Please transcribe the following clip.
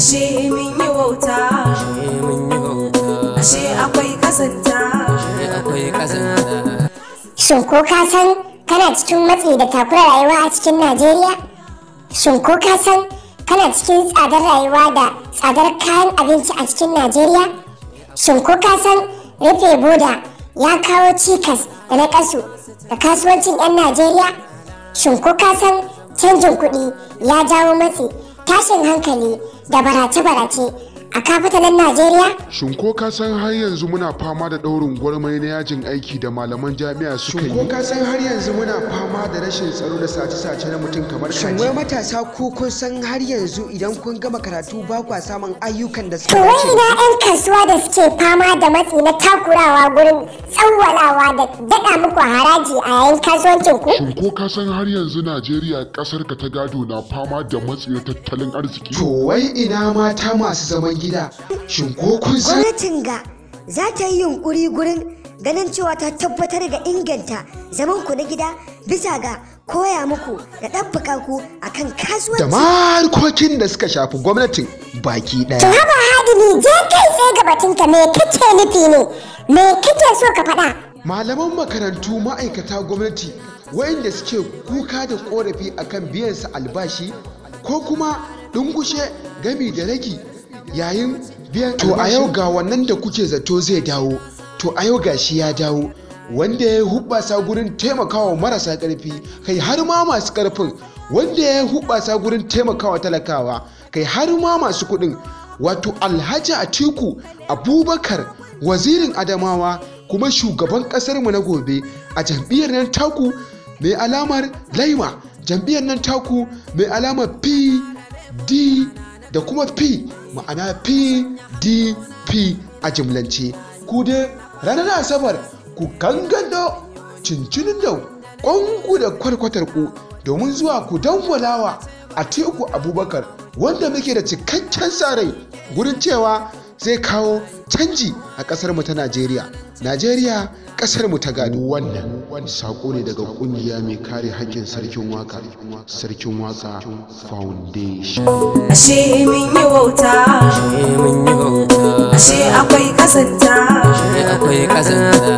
ashe mun yi wauta ashe akwai kazanta shin ko ka san kana cikin matsi da takura rayuwa a cikin najeriya shin ko ka san kana cikin tsadar rayuwa da tsadar kayan abinci a cikin najeriya shin ko ka san rufe boda ya kawo cikas da na kasu da kasuwancin 'yan najeriya shin ko ka san canjin kuɗi ya jawo matsi tashin hankali da barace-barace a kafitanin Najeriya? Shin ko ka san har yanzu muna fama da ɗaurin gwarmai na yajin aiki da malaman jami'a suka yi? Shin ko ka san har yanzu muna fama da rashin tsaro da sace-sace na mutum kamar kaji? Shin wai matasa ko kun san har yanzu idan kun gama karatu ba kwa samun ayyukan da suka dace? wai ina 'yan kasuwa da suke fama da matsi na takurawa gurin tsawwalawa da daɗa muku haraji a yayin kasuwancin ku? Shin ko ka san har yanzu Najeriya ƙasar ka ta gado na fama da matsi na tattalin arziki? To wai ina mata masu zaman gida shin ko kun san gwamnatin ga za ta yi yunkuri gurin ganin cewa ta tabbatar da inganta zaman ku na gida bisa ga koya muku da ɗabbaka ku akan kasuwanci da markokin da suka shafi gwamnatin baki ɗaya. to haba hadini je kai tsaye ga ka me kake nufi ne me kake so ka faɗa. Malaman makarantu ma'aikata gwamnati wayanda suke kuka da korafi akan biyansa albashi ko kuma dungushe gami da raki yayin biyan to a yau ga wannan da kuke zato zai dawo to a yau ga shi ya dawo wanda ya hubasa gurin taimakawa marasa ƙarfi kai har ma masu ƙarfin wanda ya hubasa gurin taimakawa talakawa kai har ma masu kuɗin wato alhaji atiku abubakar wazirin adamawa kuma shugaban mu na gobe a jam'iyyar nan taku mai alamar laima jam'iyyar nan taku mai alamar pdp da kuma p ma'ana pdp a jimlance ku dai ranar asabar ku kangando cincinin da kwanku da kwarkwatar ku domin zuwa ku danwalawa a teku abubakar wanda muke da cikakken sarai gurin cewa zai kawo canji a kasar mu ta najeriya najeriya kasar mu ta gado wannan sako ne daga kungiya mai kare haƙƙin sarkin waka sarkin waka foundation ashe mun yi wauta ashe mun yi wauta ashe akwai kasanta ashe akwai kasanta